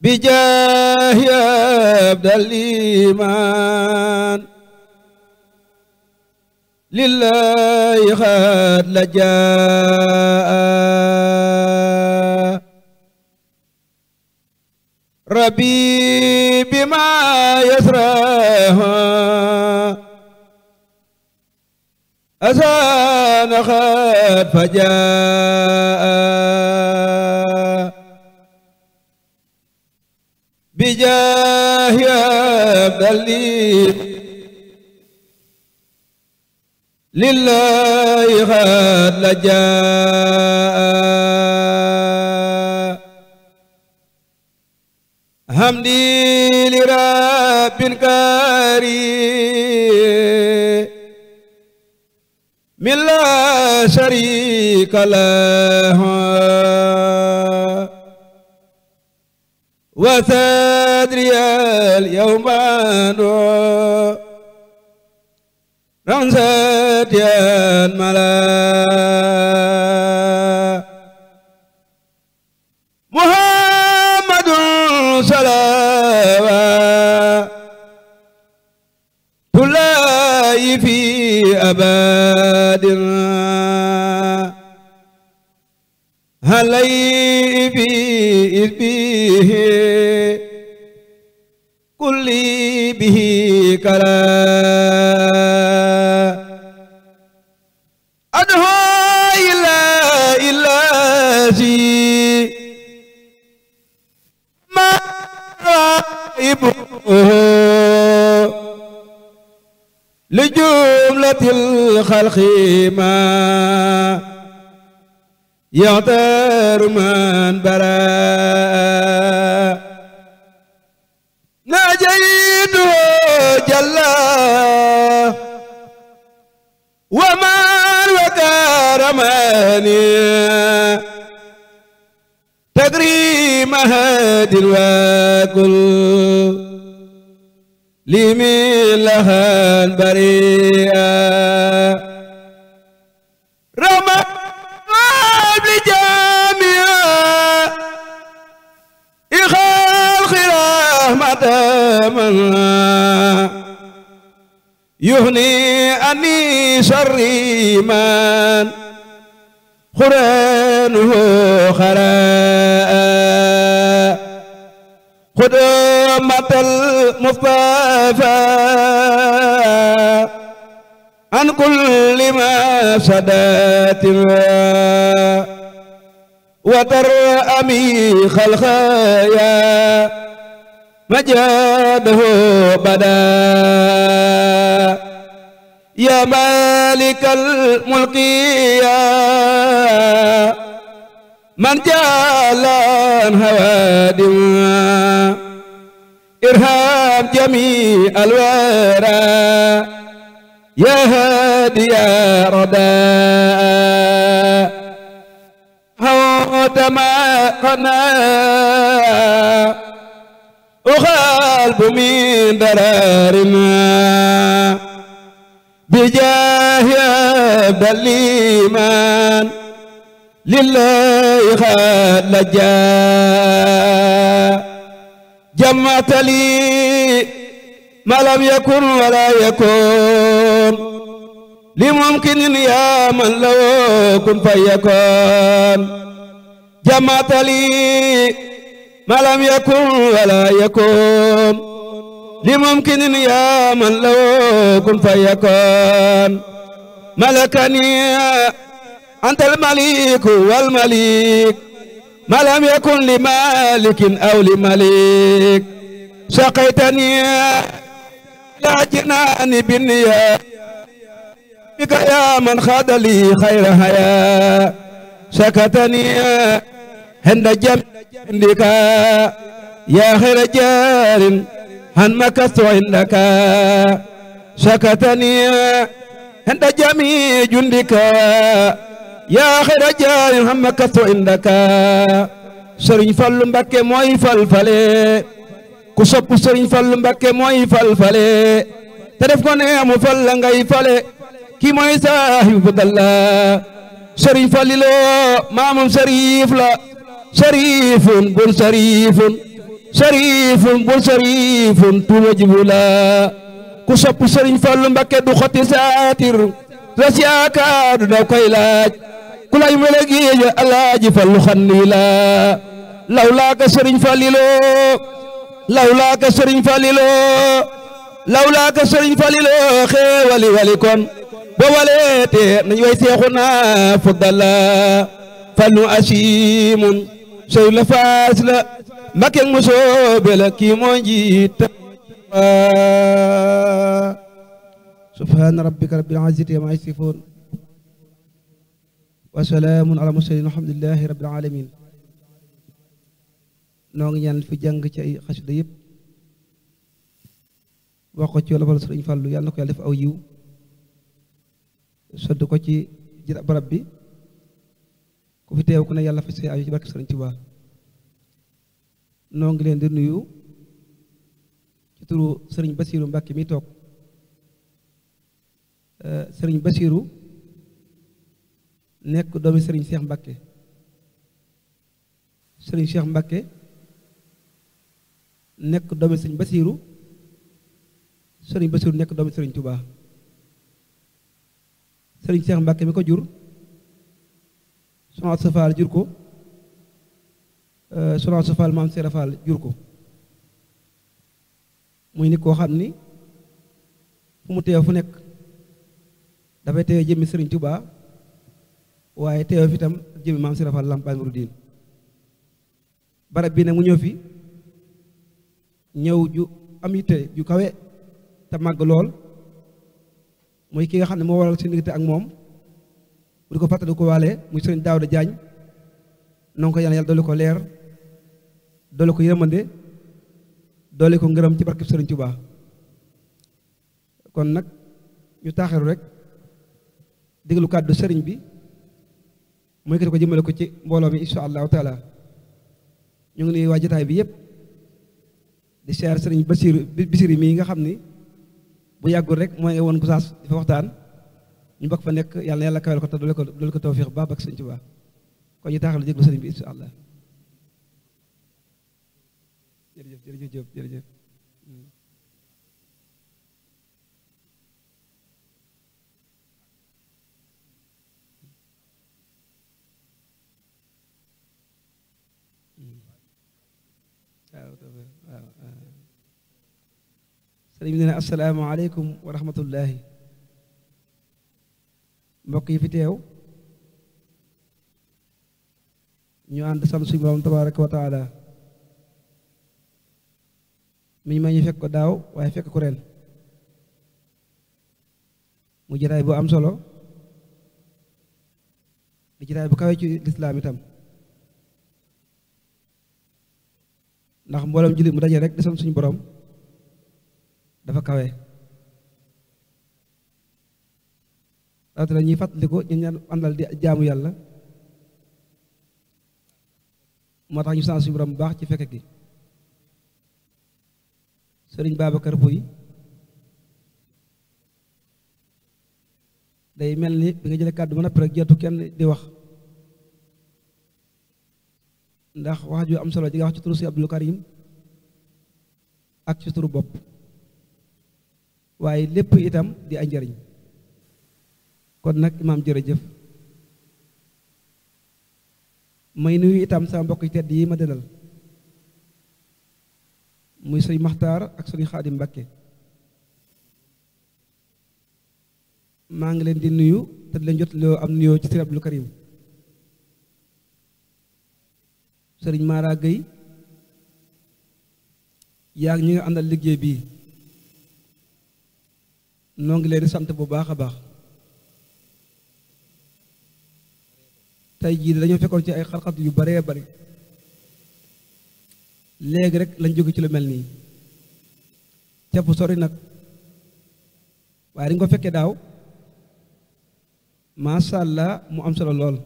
بجاه عبد الإيمان لله قد لجاء ربي بما يسره أزان قد فجاء بجاه أبدلي لله قد لجاء حمدي لرب كريم من لا شريك له وسادري اليوم أنو رمزتي الملائكة ورد الخلق ما يغتر من برا نجيد جل وما وكرمني تكريم هاد الوكل لمن لها البريئة رمى لجميع إخالق رحمة من يهني أني شري من خرانه خراء خدر صفوة المصطفى عن كل ما سدات وترأمي خلخايا مجاده بدا يا مالك الملك يا من جعل هوادم ارهب جميع الورى يا هادي يا رداء هود ما قنا وخالب من درارنا بجاه عبد الإيمان لله خلجا جمعت لي ما لم يكن ولا يكون لممكن يا من لو كن فيكون جمعت لي ما لم يكن ولا يكون لممكن يا من لو كن فيكون ملكني أنت المليك والمليك ما لم يكن لمالك أو لمليك سقيتني لا جنان بالنيا بك يا من خاد لي خير هيا سكتني هند جنبك يا خير جار هن مكثت عندك سكتني هند جميع جندك yaa xayra jaayin hamma kastu indaka sëriñ fallu mbakke mooy falfale ku sopp sëriñ fallu mbakke mooy falfale te def ko ne amu fal la ngay fale kii mooy saahibu dalla sëriñ fallilo maamum sariif la sariifun bun sariifun sariifun bun sariifun tuuma jibula ku sopp sëriñ fallu mbakke du xoti saatir la siyaakaar du daw koy laaj ku lay meleegi ya alaaji fallu xandila lawlaaka sëriñ falilo lawlaaka sëriñ falilo lawlaaka sëriñ falilo xeewali wali kon bo waleete nañ way seexuna fuddala fanu asimun sey la faas la mbakke musoobe la kii moo njiit subhaana rabbika rabbil izzati amma wa salaamun ala mursalin alhamdulilahi rabbil alamin noo ngi ñaan fi jàng ci ay xasida yëpp wax ko ci wolofal sëriñ Fàllu yàlla na ko yàlla def aw yiw sodd ko ci jër barab bi ku fi teew ku ne yàlla fa ci barke sëriñ Tuubaa noo leen di nuyu ci turu sëriñ Basiiru Mbàkke mi toog eh, sëriñ Basiiru nekk doomi sëriñ Cheikh Mbakke sëriñ Cheikh Mbakke nekk doomi sëriñ Basiiru sëriñ Basiiru nekk doomi sëriñ Touba sëriñ Cheikh Mbakke mi ko jur soxna Asta jur ko euh, soxna Asta Faal maam Seera Faal jur ko muy nit koo xam ni fu mu teew fu nekk dafay teew jëmmi sëriñ Touba waaye teew fi itam jëmi maam si rafal lamp Baay Muridiin barab bii nag mu ñëw fi ñëw ju am yitte ju kawe te màgg lool muy ki nga xam ne moo waral suñu diggante ak moom bu di ko fàttali ko waale muy sëriñ Daawda Jaañ noo ko yàlla yàlla doole ko leer doole ko yërmande doole ko ngërëm ci barkeb sëriñ Tuubaa kon nag ñu taaxeeru rek déglu kàddu sëriñ bi mu yëkkati ko jëmale ko ci mbooloo mi insha allah taala ñu ngi nuyu waa jotaay bi yëpp di siyaar sëriñ Basiru Bisiri mii nga xam ni bu yàggul rek mooy woon Gosaas di fa waxtaan ñu bokk fa nekk yàlla na yàlla kawel ko te doole ko doole ko tawfiix ci ak sëñ Tuubaa kon ñu taaxal jéglu sëriñ bi insha allah jërëjëf jërëjëf jërëjëf waaw sëriñ bi nee na asalaamaaleykum wa mbokk yi fi teew ñu ànd sant suñu mu tabaraka wa taala mi ma ñu fekk ko daaw waaye fekk ko ren mu jataay bu am solo di jataay bu kawe ci lislaam itam ndax mboolem jullit mu daje rek di sant suñu borom dafa kawe rawatina ñuy fàttaliku ñu ñaan àndal di jaamu yàlla moo tax ñu sant suñu borom bu baax ci fekke gi sëriñ kër Pouy day mel ni bi nga jële kàddu ma noppi rek jeetu kenn di wax ndax wax ju am solo ji nga wax ci turu Abdul Karim ak ci turu bopp waaye lépp itam di ay njariñ kon nag imaam jërëjëf may nuyu itam sama mbokk yi tedd yi ma dëlal muy sëñ maxtar ak sëñ xaadim mbakke maa ngi leen di nuyu te di leen jot loo am nuyoo ci sëriñ abdul karim sëriñ maara gëy yaa ñi nga àndal liggéey bii noo ngi leen di sant bu baax a baax tey jii dañoo fekkoon ci ay xarxat yu baree bari léegi rek lañ jóge ci lu mel nii te fu sori nag waaye dañ ko fekkee daaw macha mu am solo lool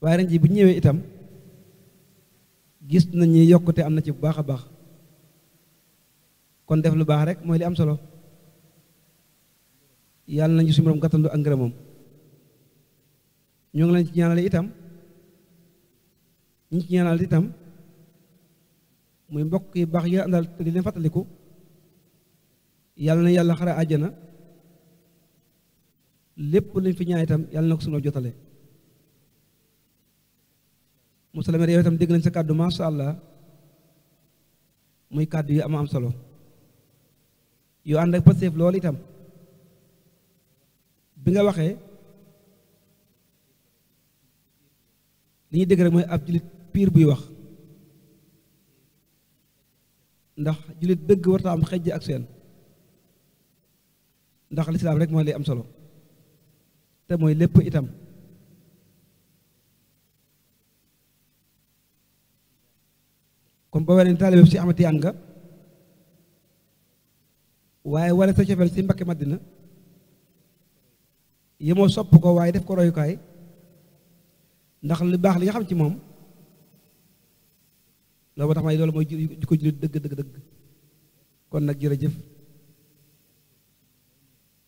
waaye ren jii bu ñëwee itam gis nañ ni yokkute am na ci bu baax a baax kon def lu baax rek mooy li am solo yàlla nañu suñu borom gàttandu ak ngërëmam ñoo ngi leen ci ñaanale itam ñu ci ñaanal itam muy mbokk yi baax ya àndal te di leen fàttaliku yàlla na yàlla xara àjjana lépp luñ fi ñaan itam yàlla na ko suñu jotale Moussa Lamine yow tam dégg nañ sa kàddu macha allah muy kàddu yi am am solo yu ànd ak pasteef loolu itam bi nga waxee li ñuy dégg rek mooy ab jullit piir buy wax ndax jullit dëgg warta am xejj ak seen ndax lislaam rek mooy lay am solo te mooy lépp itam kon boo waree ni taalibe bi si amati yaan waaye wala sa cofeel si Mbakke Madina yemoo sopp ko waaye def ko royukaay ndax li baax li nga xam ci moom loolu moo tax may loolu mooy jikko jullit dëgg dëgg dëgg kon nag jërëjëf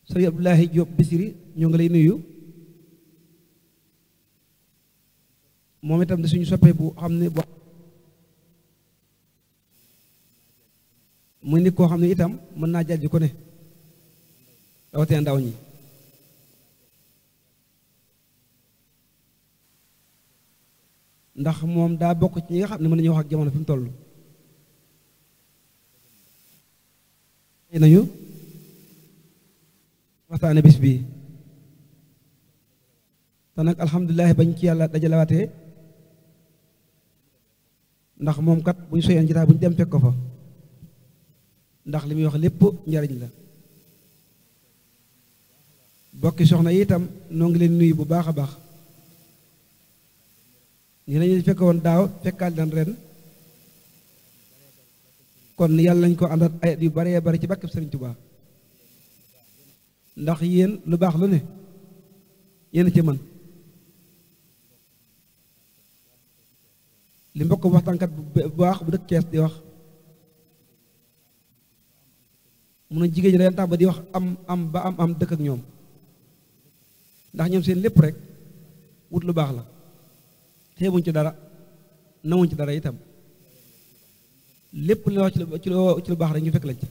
sëriñ Abdoulaye Diop Bisiri ñoo ngi lay nuyu moom itam di suñu soppee bu xam ne bu muy nit koo xam ne itam mën naa jàjj ko ne rawatina ndaw ñi ndax moom daa bokk ci ñi nga xam ne mën nañu wax ak jamono fi mu toll nañu waxtaane bis bii te nag alhamdulilahi bañ ci yàlla dajalewaatee ndax moom kat bu ñu soyeen jitaay bu ñu dem fekk ko fa ndax li muy wax lépp njariñ la bokki soxna yi itam noo ngi leen nuyu bu baax a baax ñi lañu fekk woon daaw fekkaat leen ren kon yàlla nañ ko àndaat ay yu baree bari ci bàkkib Sëriñ Tuubaa ndax yéen lu baax lu ne yéen ci man li mbokk waxtaankat bu baax bu dëkk Cees di wax mun na jigéen ñi dañu tax ba di wax am am ba am am dëkk ak ñoom ndax ñoom seen lépp rek wut lu baax la xeebuñ ci dara nawuñ ci dara itam lépp lu wax ci lu baax rek ñu fekk lañ ci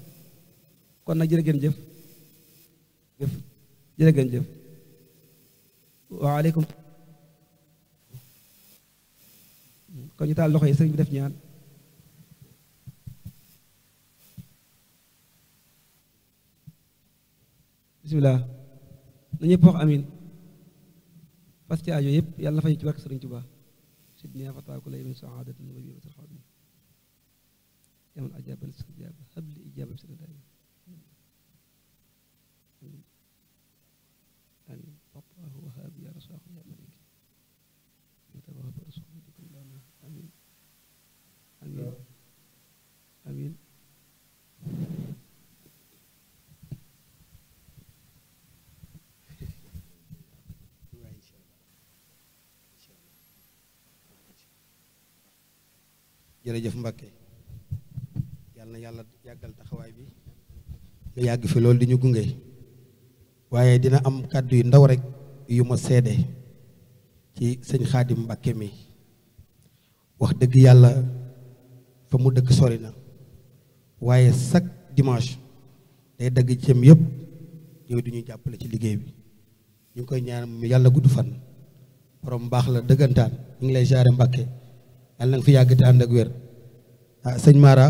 kon nag jërë ngeen jëf jëf jërë ngeen jëf waaleykum kon ñu taal loxo yi sëriñ bi def ñaan bisimilah na ñëpp wax amin fas ci aajo yëpp yàlla na fay ci barke Sëriñ Tuubaa sidnaa fataaku lay min saadatin wa biyatil xadim yaman ajaba al istijaaba habli ijaaba bi jërëjëf Mbacke yal na yàlla yàggal taxawaay bi nga yàgg fi loolu di ñu gunge waaye dina am kàddu yu ndaw rek yu ma seede ci sëñ xaadim Mbacke mi wax dëgg yàlla fa mu dëkk sori na waaye chaque dimanche day dagg cëm yëpp ñëw di ñu jàppale ci liggéey bi ñu ngi koy ñaan yàlla gudd fan borom baax la dëggantaan ñu ngi lay jaare Mbacke yàlla fi yàgg te ànd ak wér ah, sëñ Mara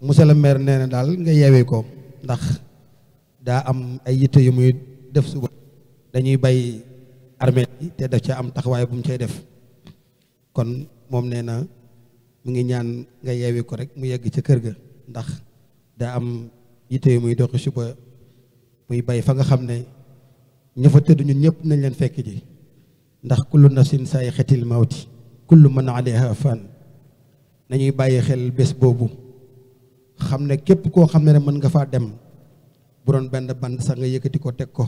monsieur le maire nee na daal nga yeewee ko ndax daa am ay yitte yu muy def suba dañuy bay armée te daf ca am taxawaay bu mu cay def kon moom nee na mu ngi ñaan nga yeewee ko rek mu yegg ca kër ga ndax daa am yitte yu muy doxi suba muy bay fa nga xam ne ña fa ñun ñëpp nañ leen fekk ji ndax kullu nafsin saay xetil mawti kullu man alayha fan nañuy bàyyi xel bés boobu xam ne képp koo xam ne mën nga faa dem bu doon benn band sax nga yëkkati ko teg ko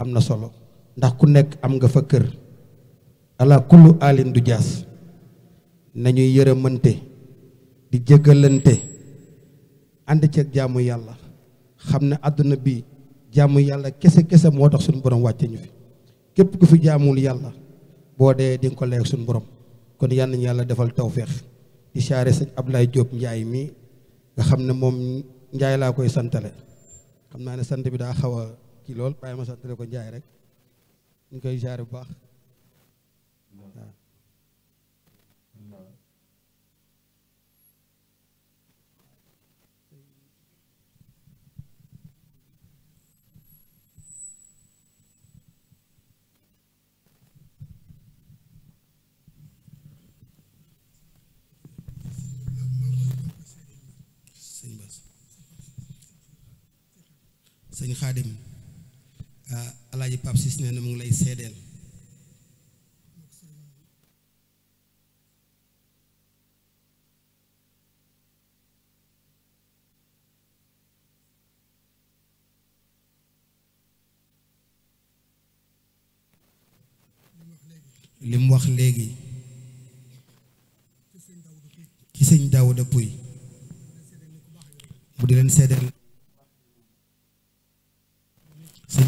am na solo ndax ku nekk am nga fa kër ala kullu alin du jaas na nañuy yërëmante di jéggalante ànd ceeg jaamu yàlla xam ne àdduna bi jaamu yàlla kese kese moo tax suñu borom wàcce ñu fi képp ku fi jaamul yàlla boo dee di nga ko leeg suñu borom kon yal nañu yàlla defal tawféex di siyaare ab Ablaye Diop Ndiaye mi nga xam ne moom njaay laa koy santale xam naa ne sant bi daa xaw a kii lool bàyyi ma santale ko njaay rek ñu koy siyaare baax. sëñ xaadim ah, alaaji Pape Ciss nee na mu ngi lay seedeel li wax léegi ci sëñ Daouda Pouye mu di leen seedeel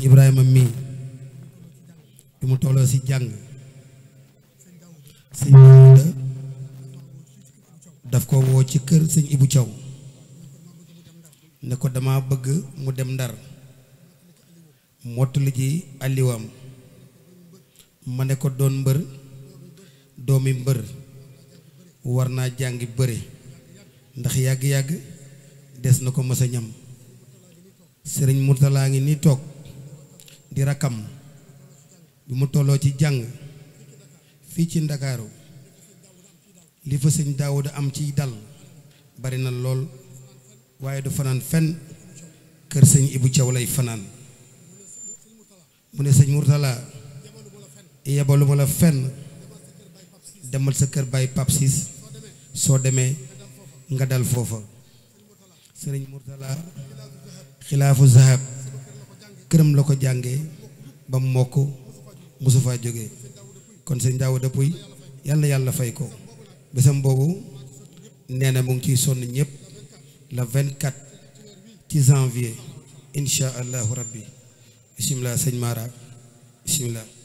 sëñ Ibrahima mii bi mu tolloo si jàng sëñ Daouda daf ko woo ci kër sëñ Ibu Thiaw ne ko dama bëgg mu dem ndar mottali ji alliwaam ma ne ko doon mbër doomi mbër war naa jàngi bëre ndax yàgg-yàgg des na ko mës ñam sëriñ Murtala ngi ni toog di rakkam bi mu tolloo ci jàng fii ci ndakaaru li fa sëñ Daawuda am ciy dal bari na lool waaye du fanaan fenn kër sëñ Ibu Caw lay fanaan mu ne sëñ Murtala yebaluma la fenn demal sa kër Baay Pap soo demee nga dal foofa sëriñ Murtala xilaafu zahab këram la ko jànge ba mu mokk mosu faa jógee kon sëñ Daouda Pouye yàlla yàlla fay ko bésam boobu nee na mu ciy sonn ñëpp vingt 24 ci janvier incha allahu rabbi bisimilah sëñ Mara bisimilah.